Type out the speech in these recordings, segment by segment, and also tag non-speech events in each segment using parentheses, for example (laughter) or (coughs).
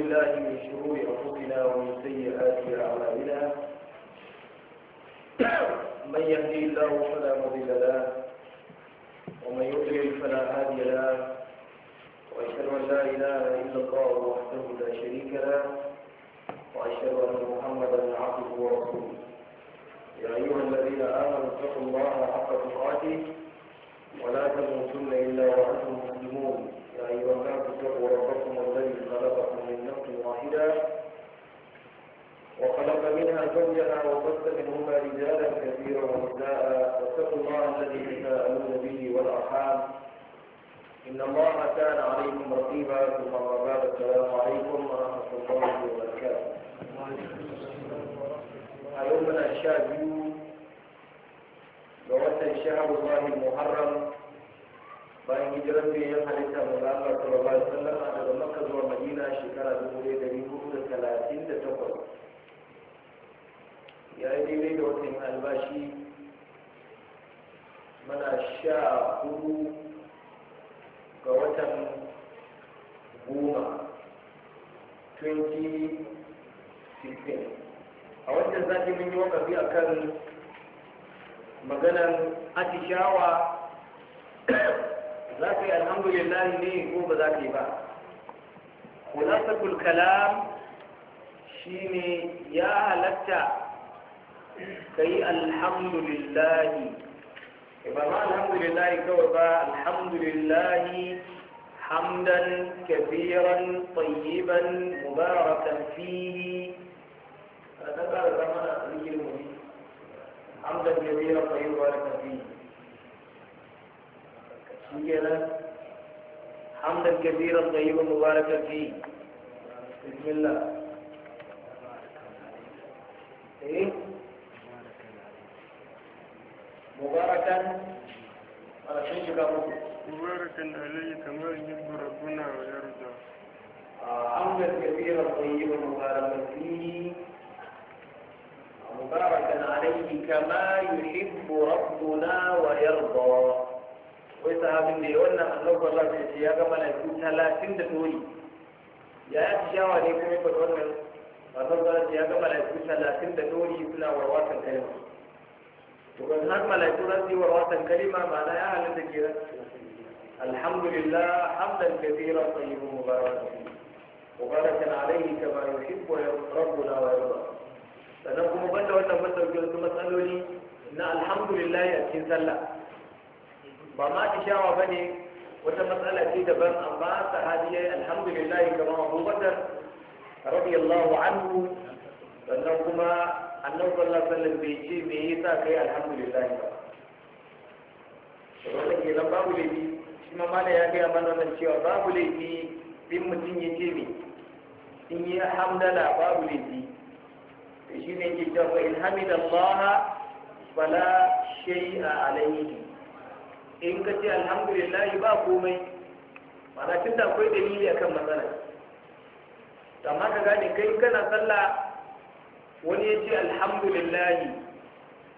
بالله من شرور أنفسنا ومن سيئات أعمالنا (coughs) من يهدي الله فلا مضل له ومن يضلل فلا هادي له وأشهد أن لا إله إلا الله وحده لا شريك له وأشهد أن محمدا عبده ورسوله يا أيها الذين آمنوا اتقوا الله حق تقاته ولا تموتن إلا وأنتم مسلمون يا أيها الناس اتقوا ربكم الذي خلقكم من نفس واحدة وخلق منها زوجها وبث منهما رجالا كثيرا ونساء واتقوا الله الذي تساءلون به والأرحام إن الله كان عليكم رقيبا ثم أما بعد السلام عليكم ورحمة الله وبركاته يومنا الشاب يوم ووسع شهر الله المحرم bayan hijirar da ya halitta mu na Allah sallallahu alaihi wasallam daga Makka zuwa Madina shekara takwas ya yi daidai da watan albashi mana sha hudu ga watan goma 2016 a wannan zaki mun yi wakafi a kan maganar atishawa ذاك الحمد لله ني هو بذاك با خلاصة الكلام شيني يا لتا كي الحمد لله إذا الحمد لله كوبا الحمد لله حمدا كثيرا طيبا مباركا فيه هذا هذا ما حمدا كثيرا طيبا مباركا فيه سجل حمدا كثيرا طيبا مباركا فيه بسم الله ايه مباركا مباركا عليه كما يحب ربنا ويرضى حمدا كثيرا طيبا مباركا فيه مباركا عليه كما يحب ربنا ويرضى wai sahabin da ya wannan annabi Allah ya ce ya ga malaiku 30 da dori ya yi shawa ne kuma ba wannan annabi Allah ya ga malaiku 30 da dori suna warwatan kalma to kan har malaiku za su yi warwatan kalma ma'ana ya da ke alhamdulillah hamdan kathira tayyibun mubarakan mubarakan alayhi kama yuhibbu rabbuna wa yarda sannan kuma banda wannan matsaloli na alhamdulillah a cikin sallah ba ma ishawa ba ne wata matsala ce daban amma sahabiyai alhamdulillah kamar abubakar radiyallahu anhu sannan kuma annabi sallallahu alaihi wasallam bai ce me yasa kai alhamdulillah ba wanda ke zan babu laifi shi ma mala ya gaya mana wannan cewa babu laifi Bin mutum ya ce me in yi hamdala babu laifi shi ne ke cewa in hamida allaha fala shay'a alaihi in ka ce alhamdulillahi ba komai mana tun da akwai dalili kan matsala amma ka gane kai kana sallah wani ya ce alhamdulillahi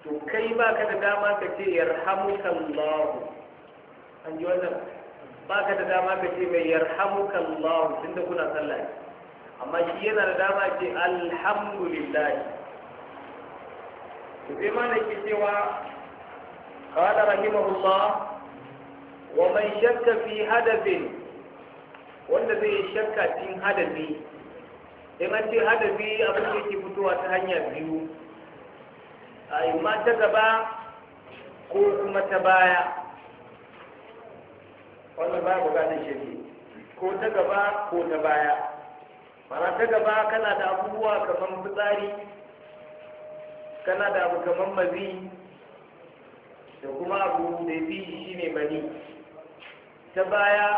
to kai ba ka da dama ka ce yarhamukallahu an ji wannan ba ka da dama ka ce mai yarhamukallahu tun da kuna sallah amma shi yana da dama ce alhamdulillahi to sai ma da ke cewa قال رحمه الله wa man shakka fi hadafin wanda zai shakka cikin hadafi in an ce hadafi abin da yake fitowa ta hanya biyu a imma ta gaba ko kuma ta baya wannan ba bukatar shirki ko ta gaba ko ta baya mana ta gaba kana da abubuwa kamar fitsari kana da abu kamar mazi da kuma abu da fi shi ne mani ta baya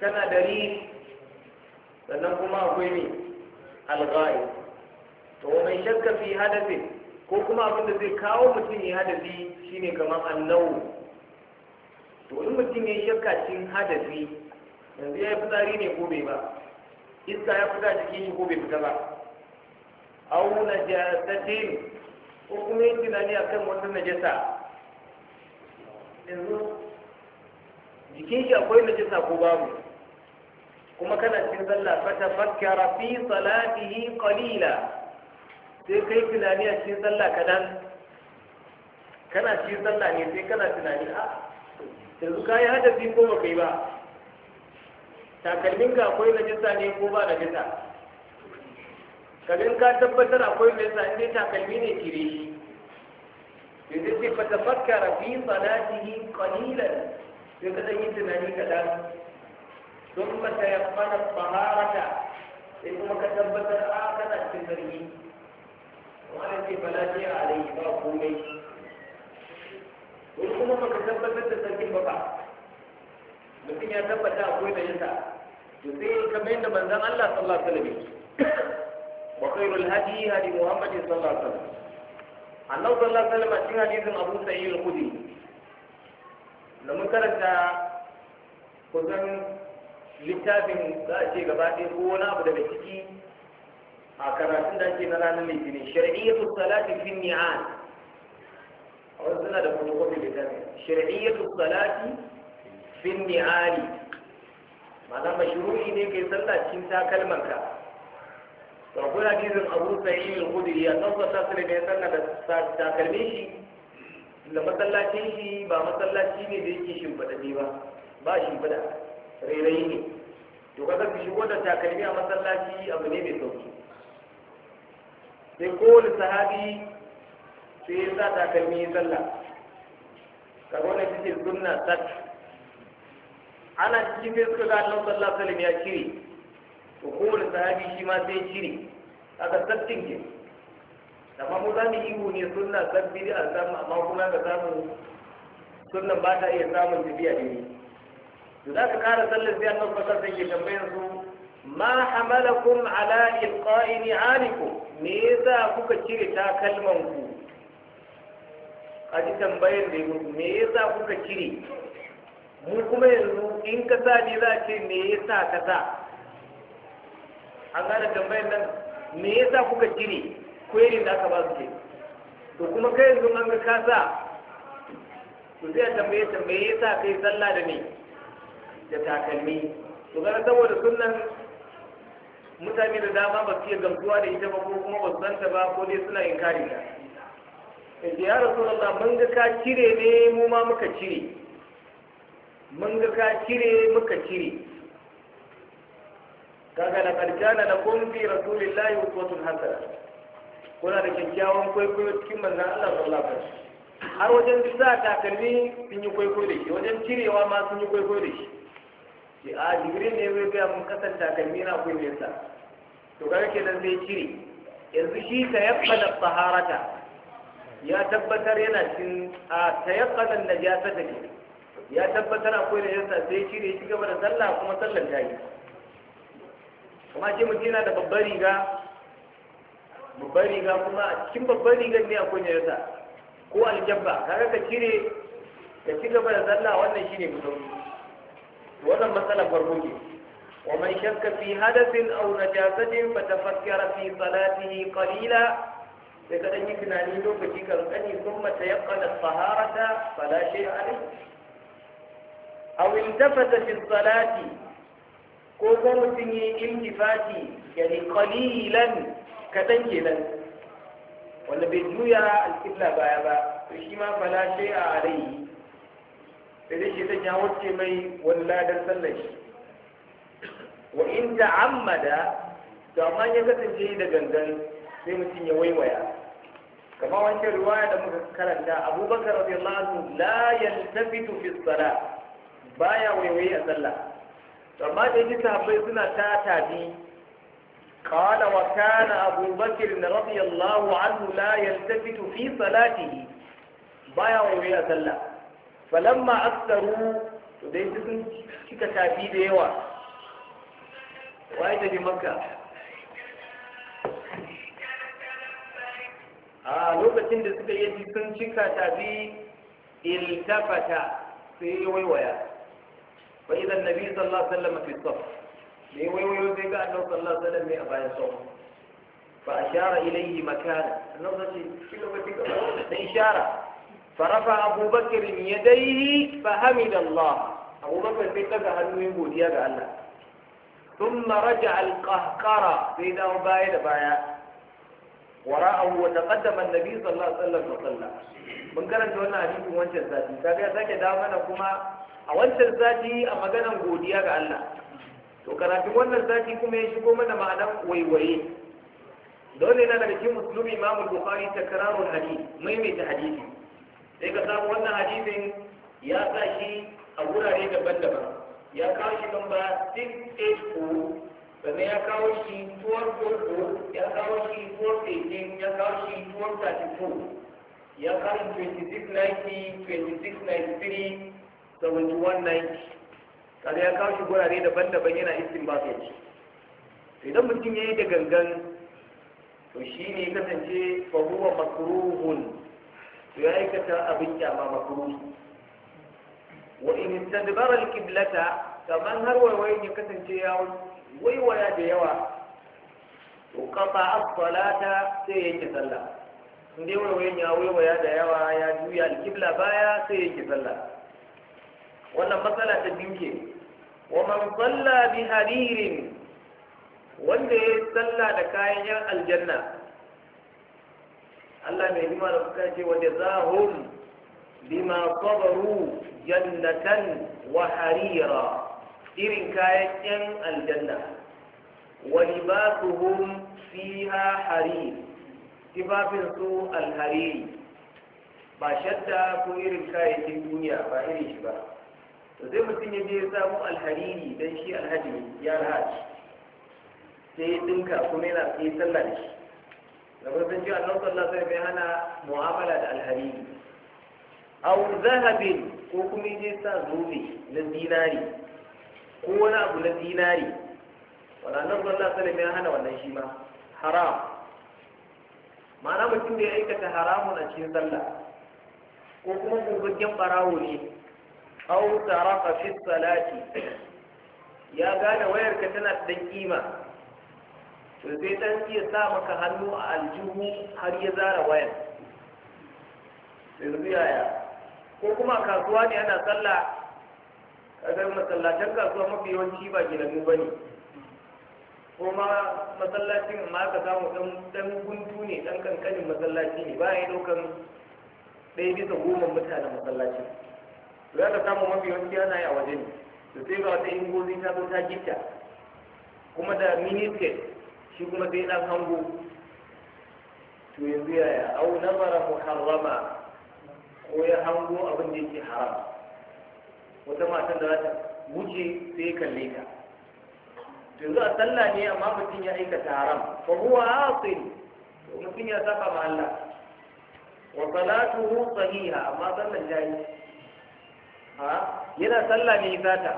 tana da ri sannan kuma akwai ne alga'i to wani shakka fi hadasi ko kuma abin da zai kawo mutum ya hadasi shine kamar annawu to in mutum ya shakka cin hadasi yanzu ya yi fitsari ne ko bai ba iska ya fita cikin shi ko bai fita ba au najasatin ko kuma yin tunani akan wata najasa yanzu jikin shi akwai najisa ko babu kuma kana cikin sallah fa tafakkara fi salatihi qalila sai kai tunani a cikin sallah kadan kana cikin sallah ne sai kana tunani a ah, yanzu ka yi hadasi ko ba kai ba takalmin ka akwai najisa ne ko ba najisa kamin ka tabbatar akwai najisa in dai takalmi ne kire shi yanzu sai fa tafakkara fi salatihi qalilan sai ka ɗan yi tunani kaɗan don ba ta yammana faharata sai kuma ka tabbatar a kana cikin zargi wani ce ba lafiya a rai ba komai wani kuma ba ka tabbatar da sarkin ba ba mutum ya tabbata akwai da yinsa to sai kamar da manzan Allah sallallahu alaihi wasallam wa khairul hadi hadi Muhammadin sallallahu alaihi wasallam annabi sallallahu alaihi a cikin hadisin Abu Sa'id al-Khudri da mun karanta kusan littafin za a ce gaba ɗaya ko wani abu daga ciki a karatun da ake na ranar litinin shari'iyyatu salati fin ni'an a wasu suna da fotokofi littafin shari'iyyatu salati fi ni'ani ma'ana mashru'i ne kai sallah cikin takalmanka to kuna hadisin Abu sai mai khudri annabi sallallahu alaihi ne mai sannan da takalmin shi da masallacin shi ba masallaci ne da yake ne ba ba shimfada, rairayi ne to kaga ka shigo da takalmi a masallaci abu ne mai sauki sai kowane sahabi sai ya sa takalmi ya sallah kaga wani ita ce sunna sat ana cikin sai suka ga allon sallah salim ya cire to kowane sahabi shi ma sai ya cire kaga sattin kenan amma mu za mu ne sunna sabbi da samu amma kuma ga samu sunna ba ta iya samun tafiya da ni to za ka kara sallar sai annabi sallallahu alaihi wasallam tambayar su ma hamalakum ala ilqa'i ni'alikum me yasa kuka cire takalman ku kaji tambayar da yau me yasa kuka cire mu kuma yanzu in ka sa ni za ce me yasa ka sa an gane tambayar nan me yasa kuka cire kwerin da aka ba su ke to kuma kai yanzu an ga kasa to zai tambaye tambaye ya sa kai sallah da ne da takalmi to gara saboda sunan mutane da dama ba su iya gamsuwa da ita ba ko kuma ba su santa ba ko dai suna inkari ta in ya Allah mun ga ka cire ne mu ma muka cire mun ga ka cire muka cire kaga karjana kana lakum fi rasulillahi uswatun hasana kuna da kyakkyawan kwaikwayo cikin manzan Allah sallallahu alaihi wasallam har wajen a takalmi sun yi kwaikwayo da shi wajen cirewa ma sun yi kwaikwayo da shi ce a jibril ne zai gaya mun kasar takalmi na kullum sa to kaga kenan zai cire yanzu shi ta yabbana taharata ya tabbatar yana cikin a ta da najasa ta ke ya tabbatar akwai najasa sai cire shi gaba da sallah kuma sallar ta yi kuma ce mutum yana da babbar riga babbar riga kuma a cikin babbar rigar ne akwai najasa ko aljabba kaga ka cire ka ci gaba da sallah wannan shine musauri wannan matsalar farko ne wa man shakka fi hadathin aw najasatin fatafakkara fi salatihi qalila sai ka dan yi tunani lokaci kankani kuma tayaqqana taharata fala shay'a alayhi aw iltafata fi salati ko kuma mutum yi iltifati yani qalilan kaɗan kenan wanda bai juya alƙibla baya ba to shi ma fala ce a alayhi sai dai shi shaitan ya wuce mai walla da sallar shi wa in ta ta'ammada to amma ya kasance da gangan sai mutum ya waiwaya kamar wancan ruwaya da muka karanta abubakar radiyallahu anhu la yaltafitu fi salat baya waiwaye a sallah to amma da yake sahabbai suna ta tafi. قال وكان أبو بكر رضي الله عنه لا يلتفت في صلاته بايا ويا صلى فلما أكثروا دي سن كيكا تابي ديوا وايتا في مكة a lokacin da suka yi sun cika tabi iltafata sai waiwaya fa idan nabi sallallahu alaihi wasallam fi saf da ya waiwayo zai ga annabi sallallahu alaihi wasallam ne a bayan sau fa ashara ilayhi makana annabi ce shi lokaci da ishara farafa abubakar yadayhi fa hamidallah abubakar sai daga hannu ya godiya ga Allah ثم رجع القهقرة في دار باية باية وراءه وتقدم النبي صلى الله عليه وسلم وصلى من كانت وانا حديث وانت الزاتي كابي ساكي دامنا كما وانت الزاتي اما كان غوديا ga Allah to karatun wannan zafi kuma ya shigo mana ma'anar waiwaye dole na daga cikin musulmi imamu bukhari takrarul hadith maimaita hadisi sai ka samu wannan hadisin ya sa shi a wurare daban-daban ya kawo shi namba 684 sannan ya kawo shi 1244 ya kawo shi 418 ya kawo shi 1234 ya kawo shi 2690 2693 7190 kada ya kawo shi gurare daban-daban yana istinbata shi to idan mutum ya yi da gangan to shi ya kasance faruwa huwa makruhun to ya aikata abin kyama makruh wa in istadbara al-qiblata kaman har waiwayin ya kasance ya waiwaya da yawa to kafa as-salata sai yake sallah in dai waiwayin ya waiwaya da yawa ya juya al baya sai yake sallah wannan matsala ta biyu ke ومن صلى بهدير wanda ya salla da kayan yan aljanna Allah mai hima da kuka ce wanda zahum bima sabaru jannatan wa harira irin kayan yan aljanna wa libasuhum fiha harir Tifafin su alhariri ba shadda ko irin kayayyakin duniya ba irin shi ba to zai mutum ya je ya samu alhariri dan shi alhaji ya alhaji sai ya dinka kuma yana sai sallah da shi kuma sun ce Allah sallallahu alaihi wasallam hana mu'amala da alhariri aw zahabin ko kuma ya sa zobe na dinari ko wani abu na dinari wannan sallallahu alaihi wasallam ya hana wannan shi ma haram ma'ana mutum da ya aikata haramun a cikin sallah ko kuma gurgurgen barawo ne aw taraka fi salati ya gane wayarka tana da kima to sai dan iya sa maka hannu a aljihu har ya zara wayar yanzu yaya ko kuma kasuwa ne ana sallah kaga masallacin kasuwa mafi yawanci ba gidanmu ba ne ko ma masallacin ma ka samu dan guntu ne dan kankanin masallaci ne ba ya daukan ɗaya bisa goma mutanen masallacin to ya ka samu mafi yawanci ana yi a waje ne to sai ga wata ingozi ta zo ta gita kuma da miniket shi kuma sai dan hango to yanzu yaya au nazara muharrama ko ya hango abin da yake haram wata matan da za ta wuce sai kalle ta to yanzu a sallah ne amma mutum ya aikata haram fa huwa asil mutum ya saka ma Allah wa salatuhu sahiha amma sallan jayi yana sallah ne zata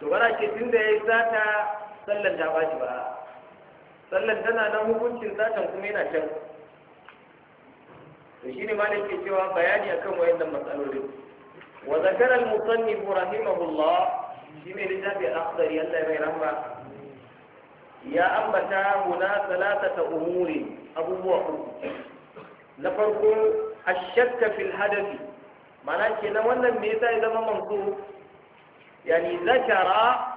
to bara ce tun da ya yi zata sallan ta ba ba sallan tana nan hukuncin zatan kuma yana can to shine ma ke cewa bayani akan wayannan matsalolin wa zakara al-musannif rahimahullah shine littafi al-akhdari Allah ya bai rahma ya ambata huna salatata umuri abubuwa uku na farko ash-shakka fil hadathi mana na wannan me yasa ya zama mamsu yani zakara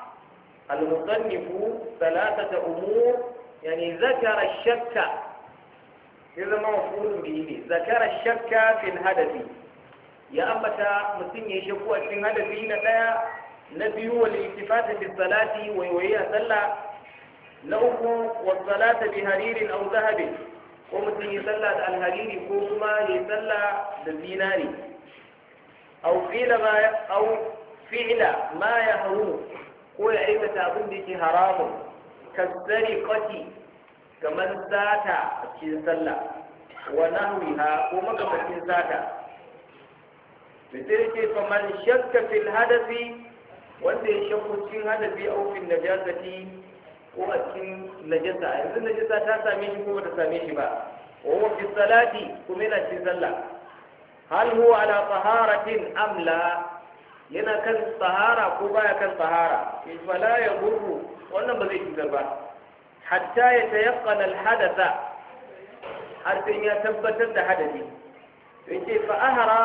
al-mutannifu thalathata umur yani zakara shakka ya zama mafhul bihi ne zakara shakka fil hadathi ya ambata mutun yayi shakku a cikin hadathi na daya na biyu wal iltifat bi salati wa yawiya salla na uku wa salata bi haririn aw zahabin ko mutum yayi salla da alhariri ko kuma yayi salla da zinari Aufila fila ma ya hau ko ya aikata abin da yake haramun kasariqati kamar sata a cikin sallah wa nahwiha ko makamancin sata mutum ce faman shakka fil hadafi wanda ya shakku cikin hadafi au fil najasati ko a cikin najasa yanzu najasa ta same shi ko ba ta same shi ba wa fi salati kuma yana cikin sallah hal huwa ala taharatin amla yana kan sahara ko baya kan sahara fala ya gurru wannan ba zai cutar ba hatta ya tayaqqan al hadatha har sai ya tabbatar da hadasi yace fa ahara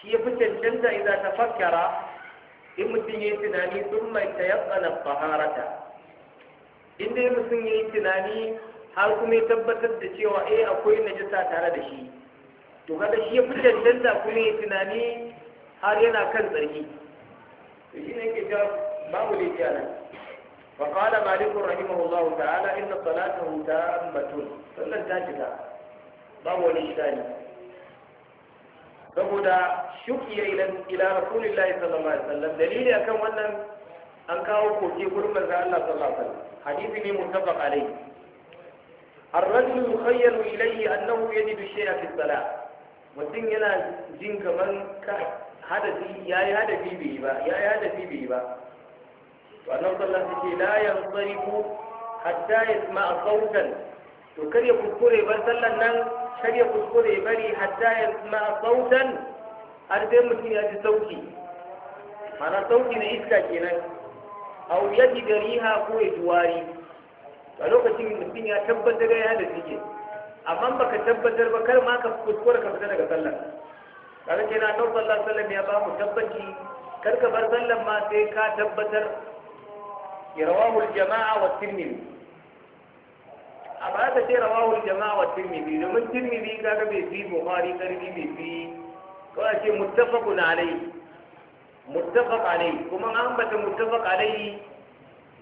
shi ya fi cancanta idza tafakkara in mutum yayi tunani thumma tayaqqan al taharata in dai mutum yayi tunani har kuma ya tabbatar da cewa eh akwai najasa tare da shi to kada shi ya fi cancanta kuma ya tunani har yana kan tsarki to shi ne yake cewa babu laifi a fa qala malik rahimahullahu ta'ala inna salatahu tammatun sallan ta cika babu ne shidani saboda shukiya ila ila rasulillahi sallallahu alaihi wasallam dalili akan wannan an kawo koke gurbin manzo Allah sallallahu alaihi wasallam hadisi ne muttafaq alaihi الرجل يخيل إليه أنه يجد الشيء في الصلاة mutum yana jin kamar ka hadafi ya yi hadafi bai yi ba ya yi hadafi bai yi ba wannan sallah su ce la yan ko hatta ya sma a sautan to kar ya kuskure bar sallan nan kar ya kuskure bari hatta ya sma a sautan har sai mutum ya ji sauki mana sauki na iska kenan au ya ji gariha ko ya ji wari a lokacin mutum ya tabbatar ya hadafi ke amma ka tabbatar ba kar ma ka kuskura ka fita daga sallar kaga ka na nau sallar sallar ya ba mu tabbaci kar ka bar sallar ma sai ka tabbatar rawahu jamaa wa tirmidhi ba ka ce rawahu jamaa wa tirmidhi domin tirmidhi ga bai fi bukhari karbi bai fi ko a ce muttafaqun alai muttafaq alai kuma an bata muttafaq alai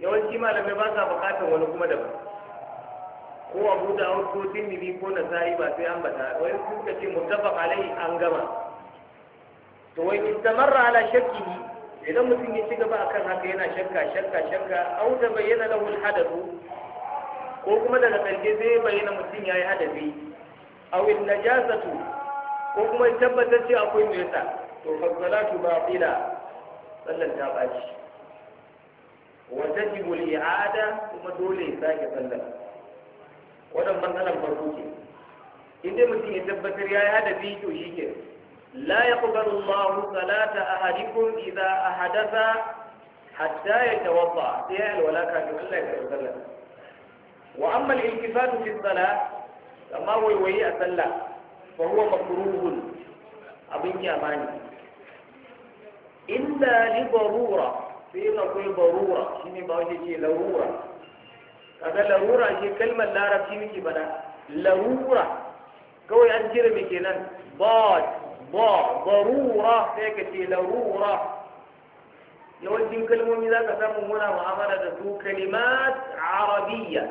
yawanci malamai ba sa bukatar wani kuma daban ko abu da ko dimmi ko na sa'i ba sai an bata wai kuka ce muttafaq alai an gama to wai istamarra ala shakkihi idan mutum ya ci gaba akan haka yana shakka shakka shakka au da bayyana lahu alhadathu ko kuma daga ƙarshe zai bayyana mutum yayi hadafi aw in najasatu ko kuma ya tabbatar ce akwai nesa to fa salatu batila sallan ta baci wa tajibu al-i'ada kuma dole ya sake sallar wannan matsalan farko ce Inda mutum ya tabbatar ya yi hadafi to shi ke la yaqbalu Allahu salata ahadikum idza ahadatha hatta yatawadda sai ya alwala kafin Allah ya karɓi sallah wa amma al-iltifatu fi salah amma waiwayi a sallah fa huwa makruhun abin kyama ne illa li barura sai na kai shi ne ba wani ce larura kaga larura ke kalmar larabci muke bada larura kawai an cire mai kenan ba ba barura sai ka ce larura yawancin kalmomi za ka samu muna mu'amala da su kalimat arabiya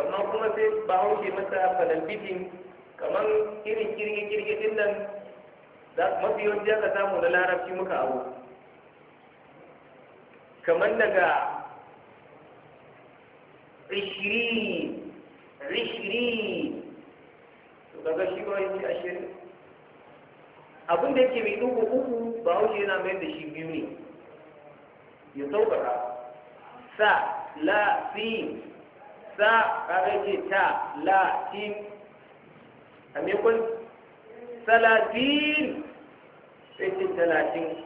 amma kuma sai ba hauke masa falalbitin kamar irin kirge-kirge din nan mafi yawanci za ka samu na larabci muka abu kamar daga عشرين عشرين kaga shi ba yake ashirin abin da yake mai dubu uku ba wuce yana mai da shi biyu ne ya saukaka sa la fi sa kaga ce ta la fi a maimakon salatin sai ce talatin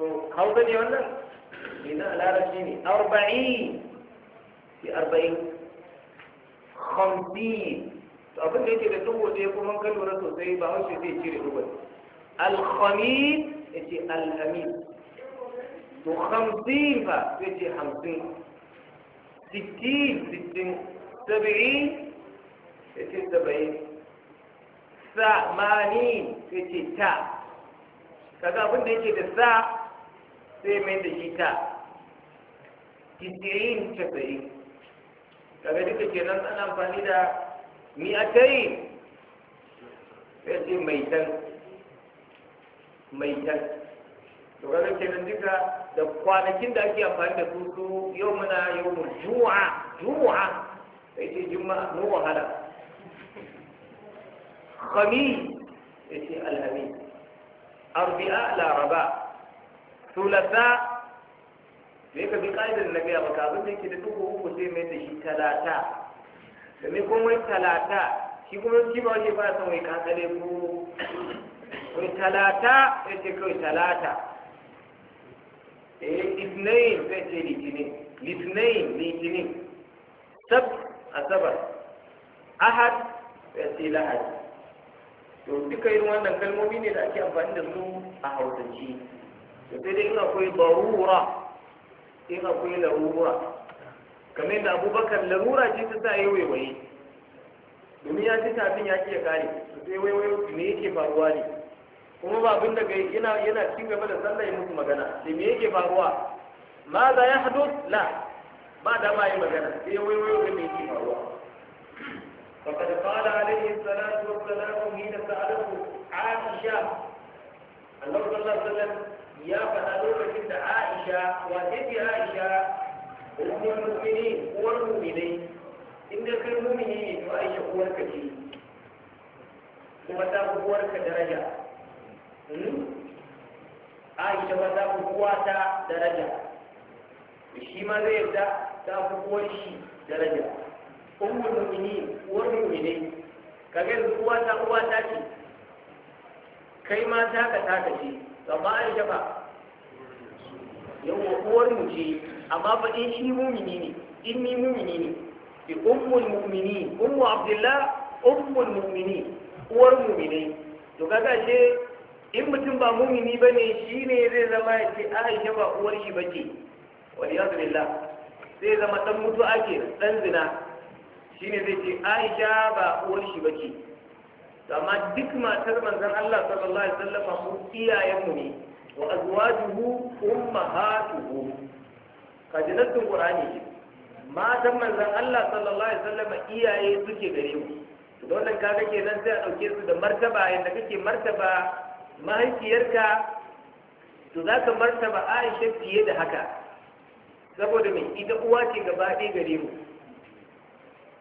to hausa ne wannan ina larabci ne arba'in في أربعين خمسين أبن ليك بتوه ليك من كل ورد زي بعوش زي كيري دول الخميس يجي الهميس وخمسين فا يجي خمسين ستين ستين سبعين يجي سبعين ثمانين يجي تا kaga abin da yake da sa sai mai da shi ta 90 90 kaga duka kenan ana amfani da ni a ta yi sai ce mai can mai can to kaga kenan duka da kwanakin da ake amfani da su su yau muna yau mu juwa ju'a sai ce juma'a mu wahala khami sai ce alhami arbi'a laraba thulatha Me ka bi ƙa'idar na gaya maka abin da yake da duk uku sai mai da shi talata domin kuma wai talata shi kuma shi ba wani ba son wai kakale ko wai talata ya ce kawai talata eh litinin zai ce litinin litinin litinin sab asabar ahad ya ce lahadi to duka irin wannan kalmomi ne da ake amfani da su a hausance to sai dai in akwai barura in akwai larura kamar da abubakar larura ce ta sa ya waiwaye domin ya ci tafin ya ke kare su sai waiwaye me yake faruwa ne kuma ba abin da yana yana cin gaba da sallah ya musu magana sai me yake faruwa ma za ya hado la ba da ma yi magana sai waiwaye me yake faruwa فقد قال عليه الصلاة والسلام حين سأله عائشة النبي صلى الله عليه وسلم ya faɗa lokacin da Aisha wace ce Aisha ummul mu'minin uwar mu'minai inda kai mu'mini ne to Aisha uwar ka ce kuma ta fi uwar ka daraja Aisha ba ta fi uwa ta daraja shi ma zai yarda ta fi uwar shi daraja ummul mu'minin uwar mu'minai kaga yanzu uwa ta uwa ta ce kai ma ta ka ta ka ce amma aisha ba yawa uwar mu ce amma fa in shi mumini ne in ni mumini ne bi ummul mu'minin ummu abdullah ummul mu'minin uwar mu'minai to kaga ce in mutum ba mumini bane shine zai zama ya ce aisha ba uwar shi bace waliyadu billah zai zama dan mutu ake dan zina shine zai ce aisha ba uwar shi bace amma duk matar manzon Allah sallallahu alaihi wasallam mu iyayenmu ne wa azwajuhu ummahatuhu kajinatin qur'ani matan manzon Allah sallallahu alaihi wasallam iyaye suke gare mu To dole kaga kenan sai a dauke su da martaba yadda kake martaba mahaifiyarka to za ka martaba Aisha fiye da haka saboda me ita uwa ce gaba ɗaya gare mu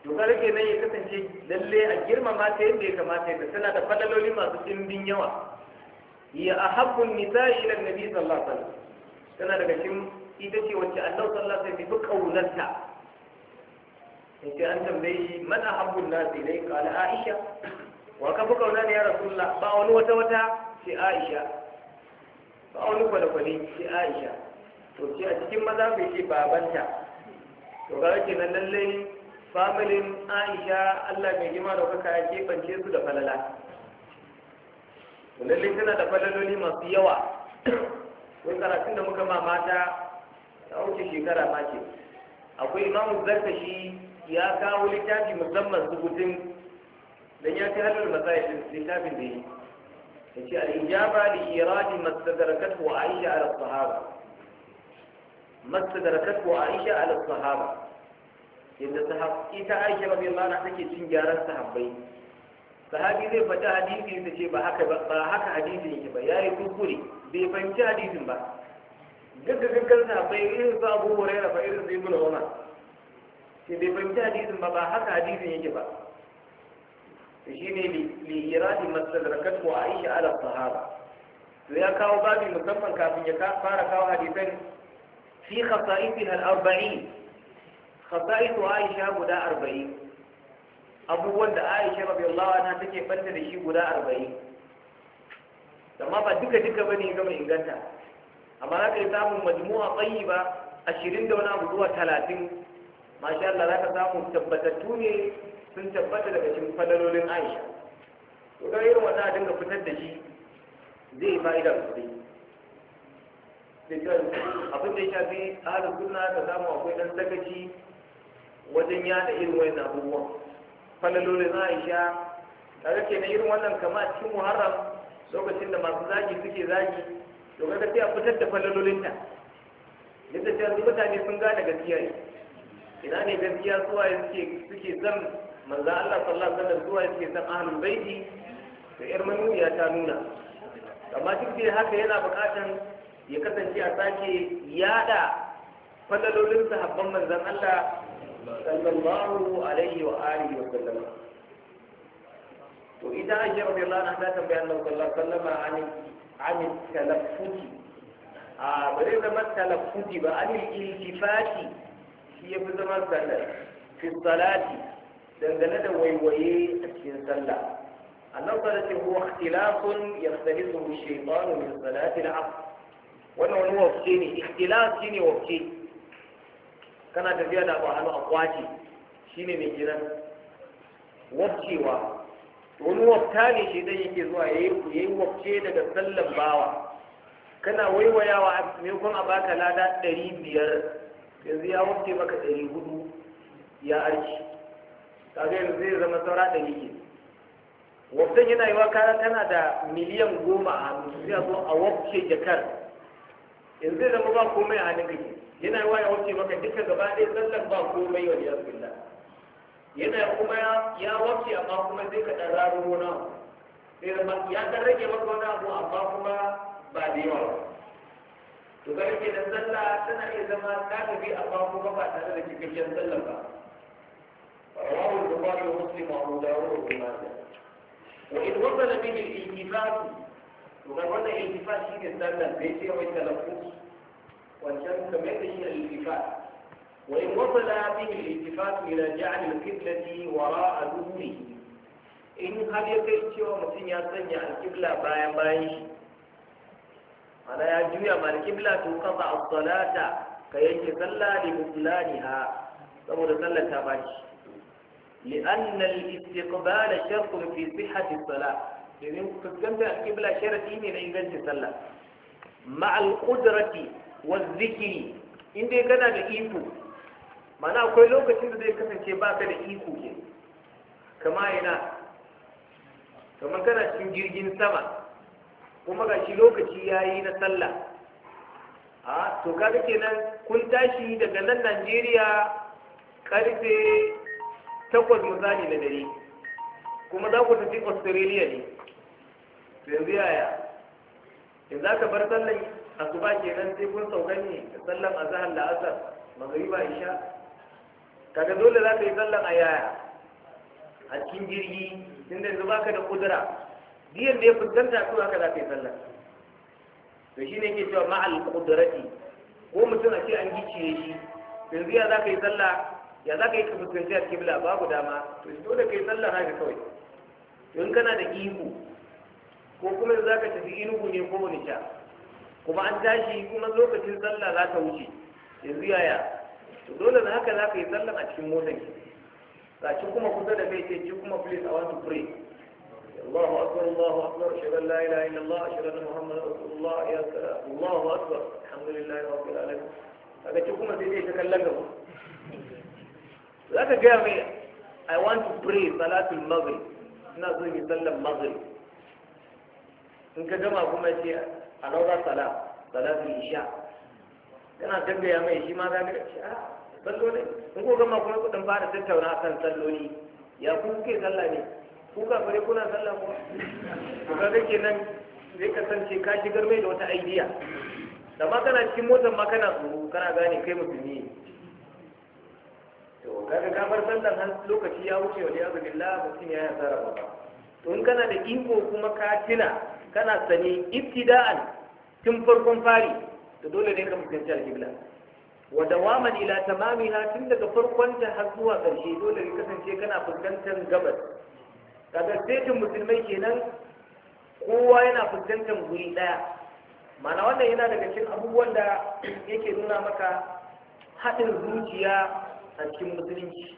to ga rage nan ya kasance lalle a girmama ta yadda ya kamata yadda tana da fadaloli masu dimbin yawa ya a haɓun nisa ila nabi sallallahu alaihi wasallam tana daga cikin ita ce wacce Allah sallallahu alaihi wasallam ya in ce an tambayi man na nas ilai qala aisha wa ka fi ƙauna ne ya rasulullah ba wani wata wata ce aisha ba wani kwale-kwale ce aisha to ce a cikin maza bai ce babanta to ga rage nan lallai familin aisha allah mai gima da kuka ya keɓance su da falala lallai tana da falaloli masu yawa wai karatun da muka ma mata ta wuce shekara ma ce akwai imamu shi ya kawo littafi musamman rubutun dan ya fi halar masayin littafin da yi ya ce al'ijaba da iradi masu wa aisha ala sahaba masu wa aisha ala sahaba yadda ta aiki rabin lana take cin gyaran sahabbai sahabi zai faɗi hadisi ta ce ba haka ba haka hadisi yake ba yayi kuskure bai fahimci hadisin ba gagga gaggar sahabbai irin su Abu Hurairah fa irin su Ibn Umar sai bai fahimci hadisin ba ba haka hadisin yake ba shine li iradi masadrakat wa Aisha ala sahaba to ya kawo babi musamman kafin ya fara kawo hadisan fi khasa'isiha al-arba'in khasaisu aisha guda arba'in abubuwan da aisha radiyallahu الله take تكي da shi guda arba'in لما ba duka duka bane gama inganta na za ka yi samun majmu'a tayyiba ashirin da wani abu zuwa talatin masha Allah sun tabbata daga cikin fadalolin aisha Ko ga irin wannan dinga fitar da shi zai yi fa'ida sosai da abin da ya shafi hada sunna da zamu akwai dan sakaci wajen yada irin wani abubuwan falalolin aisha kaga ke na irin wannan kama a cikin muharram lokacin da masu zagi suke zagi to kaga sai a fitar da ta yadda cewa duk mutane sun gane gaskiya ne ina ne gaskiya suwa suke suke zan manzo Allah sallallahu alaihi wasallam suwa suke san ahlul baiti da yar manuniya ta nuna amma duk da haka yana buƙatan ya kasance a sake yada falalolin sahabban manzon Allah صلى الله عليه وآله وسلم وإذا أجي رضي الله عنه ذاتا بأنه صلى الله عليه وسلم عن عن التلفت آه ما التلفت بأن الالتفات هي في زمان صلى في الصلاة دندنة ويوي أكين صلى النظرة هو اختلاف يختلفه الشيطان من صلاة العصر وأنه هو وقتين اختلاف شيني وقتين kana tafiya da abu hannu a kwace shine mai gina wabcewa wani wafta ne shi dan yake zuwa ya yi wafce daga sallan bawa kana waiwayawa a maimakon a baka lada ɗari biyar yanzu ya wafce maka ɗari hudu ya arki kaga yanzu zai zama saura ɗari ke waftan yana yi kara tana da miliyan goma a hannu zai a zo a wafce jakar yanzu zai zama ba komai a hannun kake yana waya wace maka duka gaba ɗaya sallar ba komai wani yasbilla yana kuma ya wuce amma kuma zai ka ɗan raro na sai ya ɗan rage maka wani abu amma kuma ba da yawa ba to ga yake da sallah tana iya zama ɗalibi amma kuma ba tare da cikakken sallar ba رواه البخاري ومسلم وابو داود وابن ماجه وان وصل به الالتفات وقال ولا الالتفات شيء السنه بيتي او التلفظ وكان كمده من الالتفات وإن وصل به الالتفات إلى جعل الكبلة وراء دوني إن هل يكيت يوم سنة سنة القبلة بايا بايا على يجوية ما الكبلة تقضع الصلاة كيجي صلى لبطلانها سمود صلى تباش لأن الاستقبال شرط في صحة الصلاة لأن قد قمت القبلة شرط إيمي لإنجلت صلى ma'al qudrati wa zikiri in dai kana da iko mana akwai lokacin da zai kasance baka da iko ke kama yana Kama kana cikin jirgin sama kuma ga shi lokaci ya yi na sallah a to ka kaga kenan kun tashi daga nan najeriya karfe takwas misali na dare kuma za ku tafi australia ne yanzu yaya in za ka bar sallan asuba nan sai kun sauka ne sallan zahar da asar magariba isha kaga dole za ka yi sallan a yaya a cikin jirgi inda yanzu baka da kudura biyan da ya fuskanta su haka za ka yi sallan to ne ke cewa ma'al kudurati ko mutum a ce an gicciye shi yanzu ya za ka yi sallah ya za ka yi ka fuskanci kibla babu dama to dole ka yi sallah haka kawai in kana da iko ko kuma za ka tafi inugu ne ko wani sha kuma an tashi kuma lokacin sallah za ka wuce yanzu yaya to dole na haka za ka yi sallan a cikin motar ki sashi kuma kusa da kai ce ki kuma please I want to pray Allahu akbar Allahu akbar ashhadu an la ilaha illallah ashhadu anna muhammadar rasulullah ya salam Allahu akbar alhamdulillahi rabbil alamin kaga ki kuma sai dai ka kallon gaba za ka gaya mai I want to pray salatul maghrib ina so yi sallan maghrib in ka gama kuma ce a laura sala salatu isha kana tambaya mai shi ma za ka ce a ah, salloli in ko gama kuma kudin fara tattauna akan salloli ya ku kuke sallah ne ku ka fare kuna sallah ko ku ga kake nan zai kasance ka shigar mai da wata idea da ma kana cikin motar ma kana tsoro kana gane kai musulmi ne to kaga ka bar sallan har lokaci ya wuce wa ya billah mutum ya yasa ba to in kana da iko kuma ka tuna kana sani ibtida'an tun farkon fari da dole ne ka mutunci alƙibla wa dawaman ila tamamiha tun daga farkon ta har zuwa ƙarshe dole ne kasance kana fuskantar gabas kaga sejin musulmai kenan kowa yana fuskantar guri ɗaya mana wannan yana daga cikin abubuwan da yake nuna maka haɗin zuciya a cikin musulunci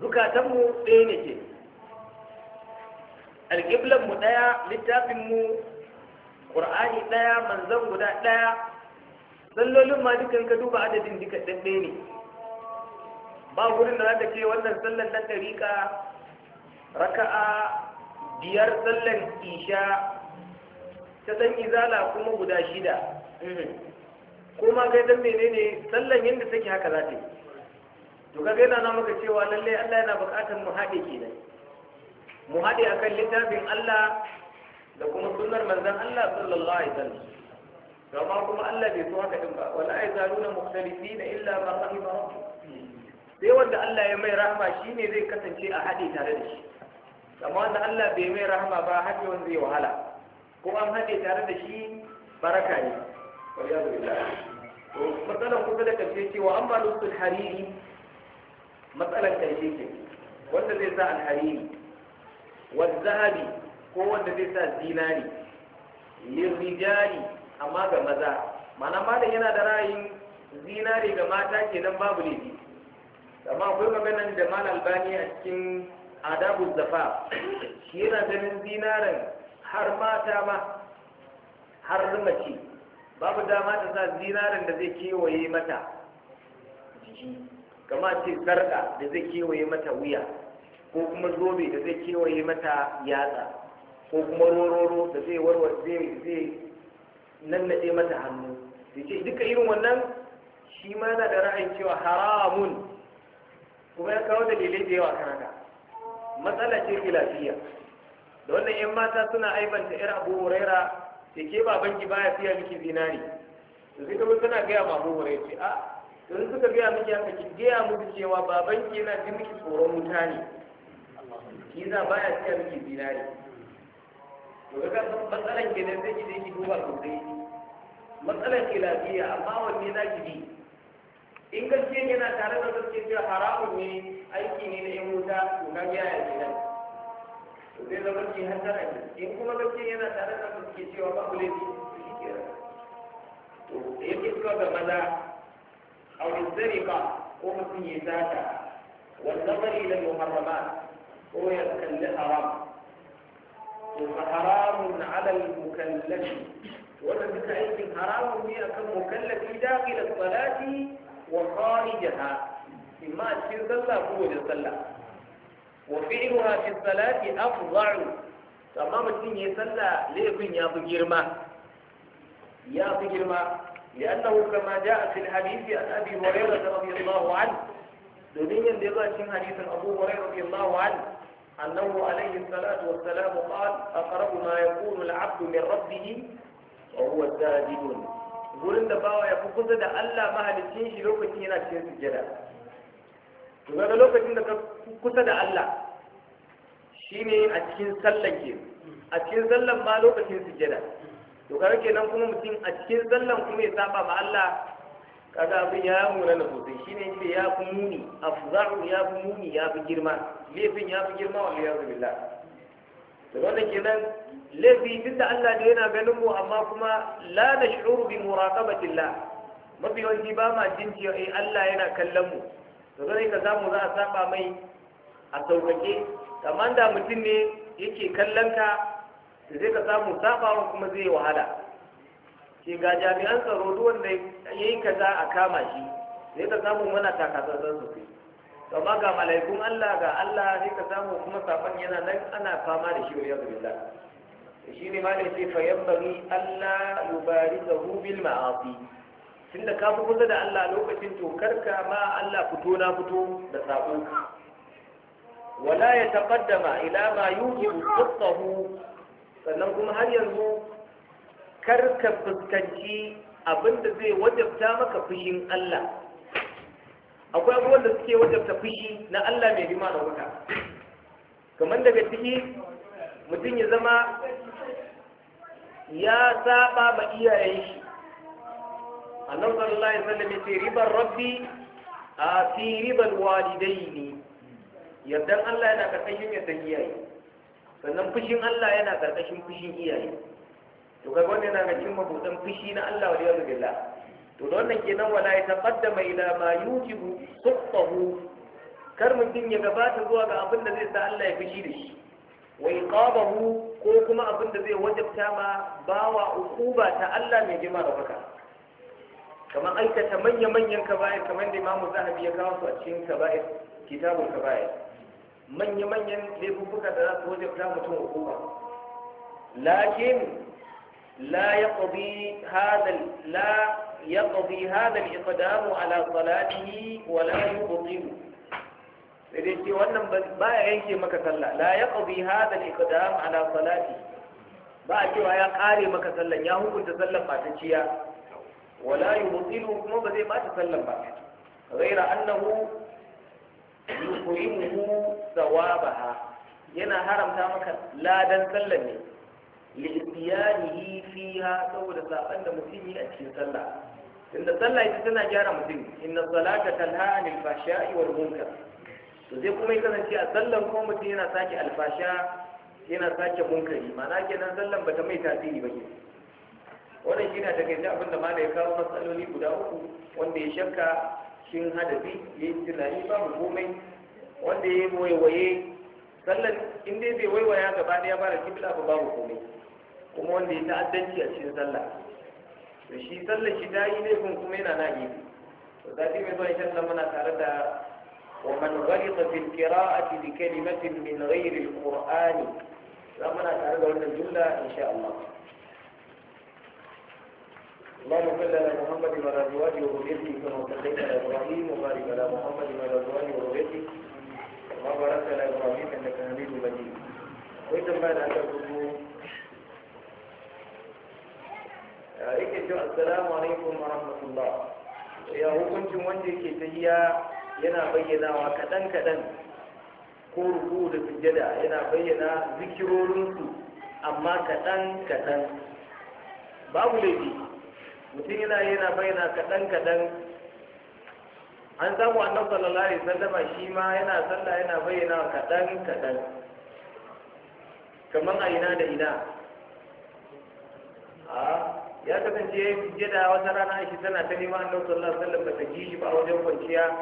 zukatanmu ɗaya ne ke Alƙiblar mu ɗaya littafinmu mu ƙur'ani ɗaya manzan guda ɗaya sallolin ma dukkan ka duba adadin duka ɗanɗe ne ba gudun da zaka ce wannan sallan na ɗariƙa raka'a biyar sallan isha ta san izala kuma guda shida ko ma kai mene ne, sallan yadda take haka za ta yi to ka yana na maka cewa lallai Allah yana buƙatar mu haɗe kenan mu haɗe a kan littafin Allah da kuma sunnar manzan Allah sallallahu alaihi wasallam Gama kuma Allah bai so haka din ba wala yazaluna mukhtalifina illa ma rahima rabbuk sai wanda Allah ya mai rahama shine zai kasance a haɗe tare da shi amma wanda Allah bai mai rahama ba haɗe wanda zai wahala ko an haɗe tare da shi baraka ne waliyadu billah kusa da karshe ce wa amma lusul hariri matsalan karshe ce wanda zai sa alhariri والذهبي ko wanda zai sa zinari lirrijali amma ga maza mana ma yana da ra'ayin zinari ga mata kenan babu laifi amma akwai maganan da mal albani a cikin adabu zafa shi yana ganin zinarin har mata ma har mace babu dama ta sa zinarin da zai kewaye mata jiki kama ce sarƙa da zai kewaye mata wuya ko kuma zobe da zai kewaye mata yatsa ko kuma rororo da zai warwar zai nannade mata hannu da ce duka irin wannan shi ma yana da ra'ayin cewa haramun kuma ya kawo dalilai da yawa kan haka matsala ce filafiya da wannan 'yan mata suna aibanta 'yar abu huraira da ke babanki baya fiya miki zinari da sai kuma suna gaya ma abu huraira ce a ah, in suka gaya miki haka ki gaya musu cewa babanki yana ji miki tsoron mutane shi za ba ya siya miki zinari to ga kan matsalan ke nan zai je ki duba sosai matsalan ke lafiya amma wanne za ki bi in gaskiya yana tare da gaskiya cewa haramun ne aiki ne na yan wuta to ka ga ya ke nan to zai zama ki hasara ne in kuma gaskiya yana tare da gaskiya cewa ba ku laifi to ke to yake suka ga maza a wani zari ba ko mutum ya zata wannan bari da muharrama. هو يتكلم حرام فحرام على المكلف ولم تأيك حرام هي كمكلف داخل الصلاة وخارجها إما أشير صلى هو صلى وفعلها في الصلاة أفضع تمام الدين يصلى لابن يا بجرمة يا بجرمة لأنه كما جاء في الحديث عن أبي هريرة رضي الله عنه دنيا لغة حديث أبو هريرة رضي الله عنه أنه عليه الصلاة والسلام قال أقرب ما يكون العبد من ربه وهو ساجد gurin da bawa ya fi kusa da Allah mahalicin shi lokacin yana cikin sujjada to ga lokacin da ka kusa da Allah shine a cikin sallan ke a cikin sallan ma lokacin sujjada to kaga kenan kuma mutum a cikin sallan kuma ya saba ma Allah kaga abin ya muna na sosai shi ne ce ya fi muni fuzaru ya fi muni ya fi girma laifin ya fi girma wa liya zubilla da wanda ke nan laifi tunda Allah ne yana ganin mu amma kuma la na shuru bi la mafi yawanci ba ma jin cewa eh Allah yana kallon mu Da zai ka zamu za a saba mai a saukake kamar da mutum ne yake kallon ka da zai ka samu sabawa kuma zai wahala ce ga jami'an tsaro duk da ya yi kaza a kama shi sai ka samu mana takatsantsan sosai amma ga malaikun Allah ga Allah sai ka samu kuma safan yana nan ana fama da shi wa yau shi ne ma da ce fa bari Allah yubarizahu bil ma'asi tunda ka fi kusa da Allah lokacin to karka ma Allah fito na fito da sako wala ya taqaddama ila ma yujibu qatahu sannan kuma har yanzu kar ka fuskanci abin da zai wajabta maka fushin Allah akwai abubuwan da suke wajabta fushi na Allah mai rima da wuta kamar daga ciki mutum ya zama ya saba ma iyayen shi annabi sallallahu alaihi wasallam yace riba rabbi a fi walidai walidaini yardan Allah yana karkashin yardan iyaye sannan fushin Allah yana karkashin fushin iyaye to kaga wannan yana cikin mabudan fushi na Allah wa yawm billah to da wannan kenan wala ya taqaddama ila ma yujibu suqtahu kar mutum ya gabata zuwa ga abin da zai sa Allah ya fushi da shi wa iqabahu ko kuma abin da zai wajabta ma bawa ukuba ta Allah mai jima da baka kamar aikata manya-manyan kaba'ir kamar da imamu zahabi ya kawo su a cikin kaba'ir kitabun kaba'ir manya-manyan laifuffuka da za su wajabta mutum ukuba lakin لا يقضي هذا لا يقضي هذا الإقدام على صلاته ولا يبطل sai ce wannan ba ya yanke maka sallah la ya ƙabi hada al-iqdam ala salati ba a cewa ya ƙare maka sallan ya hukunta sallan ba ta ciya wala yi yubtilu kuma ba zai bata sallan ba ghaira annahu yuhrimuhu thawabaha yana haramta maka ladan sallan ne li'tiyanihi fiha saboda saban da mutum yi a cikin sallah inda sallah ita tana gyara mutum inna salata tanha anil fahsha'i wal munkar to zai kuma kasance a sallan kuma mutum yana sake alfasha yana sake munkari ma'ana kenan sallan bata mai tasiri ba ke wannan shi na takaice abin da malai ya kawo matsaloli guda uku wanda ya shakka shin hadafi ya yi tunani babu komai wanda ya yi waiwaye sallan in dai bai waiwaya gaba ɗaya ba da kibla ba babu komai kuma wanda ya ta'addanci a cikin sallah to shi sallah shi dai ne kun kuma yana na gefe to dai mai zuwa insha Allah muna tare da wa man ghalita fil qira'ati bi kalimatin min ghairi al qur'an za muna tare da wannan jumla insha Allah اللهم صل على محمد وعلى ازواجه وذريته كما صليت على ابراهيم وبارك على محمد وعلى ازواجه وذريته كما باركت على ابراهيم انك حميد مجيد. وإذا ما لا تكونوا yake ce assalamu alaikum wa rahmatullah ya hukuncin wanda yake tahiya yana bayyanawa kadan-kadan ko ruku da sujjada yana bayyana zikirorinsu amma kadan-kadan? babu laifi mutum yana yana bayyana kadan-kadan? an samu annabi sallallahu alaihi wasallama shi ma yana sallah yana bayyana kadan-kadan kamar a ina da ina a ya kasance ya yi da wata rana aisha tana ta neman annabi sallallahu alaihi wasallam ta ji ba wajen kwanciya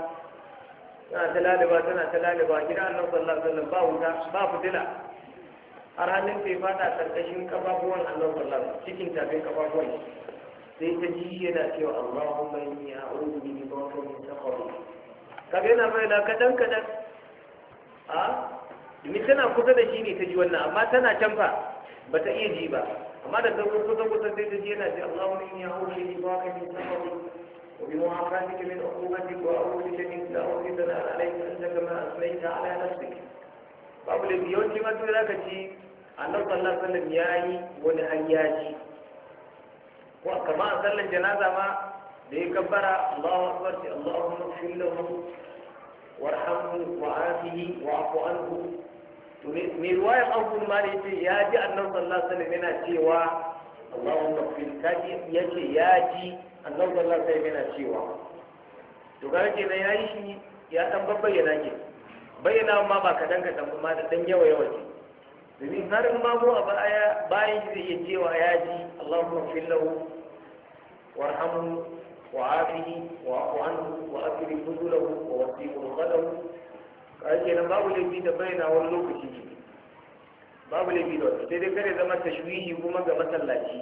tana ta laliba tana ta laliba gidan annabi sallallahu alaihi wasallam ba wuta ba fitila har hannun ta fada karkashin kafafuwan annabi sallallahu alaihi wasallam cikin tafin kafafuwan sai ta ji yana cewa Allahumma inni a'udhu bika min sakhatik kaga yana mai da kadan kadan a ah? domin tana kusa da shi ne ta ji wannan amma tana canfa ba ta iya ji ba amma da sauran kusa kusa sai ta ji yana ce Allahumma inni a'udhu bika wa ka min sabr wa bi mu'afatika min uqubatik wa a'udhu bika min da'wati dalal alayka anta kama aslayta ala nafsik babu da yawanci ma sai zaka ci annabi sallallahu alaihi ya yayi wani hayyaji ko kama a sallan janaza ma da ya kabbara Allahu akbar sai wa ighfir lahu warhamhu wa'afihi wa'fu anhu mai ruwayar abubuwan mali ce ya ji annabi sallallahu alaihi wasallam yana cewa Allahumma fil kadi yace ya ji annabi sallallahu alaihi wasallam yana cewa to ga ke nan yayi shi ya dan babbayyana ke bayyana ma ba ka kadan dan ma da dan yawa yawa ke domin har in ma mu a baya bayan shi zai iya cewa ya ji Allahumma fil lahu warhamhu wa afihi wa afu anhu wa akrim nuzulahu wa wasi murqadahu kenan babu laifi da bayyana wani lokaci ne babu laifi da wata sai dai kare zama tashwihi kuma ga masallaci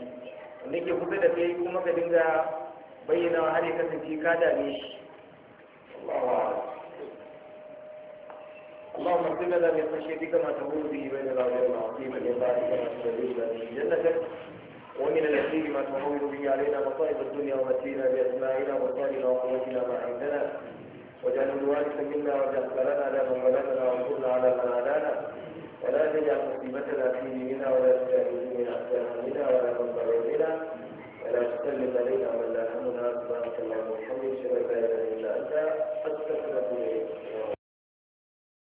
wanda ke kusa da kai kuma ka dinga bayyana har ya kasance ka dame shi اللهم اغفر لنا من خشيتك ما تقول به بين العبد والعظيم من طاعتك ما تبلغنا به جنتك ومن اليقين ما تهون به علينا مصائب الدنيا ومتينا باسماعنا وصالنا وقوتنا ما عندنا واجعل الوارث منا واجعل ثارنا على من ظلمنا وانصرنا على من عادانا ولا تجعل مصيبتنا في ديننا ولا تجعل الدنيا اكبر همنا ولا مبلغ علمنا ولا تسلم علينا من لا همنا سبحانك اللهم وبحمدك اشهد ان لا اله الا انت استغفرك اليك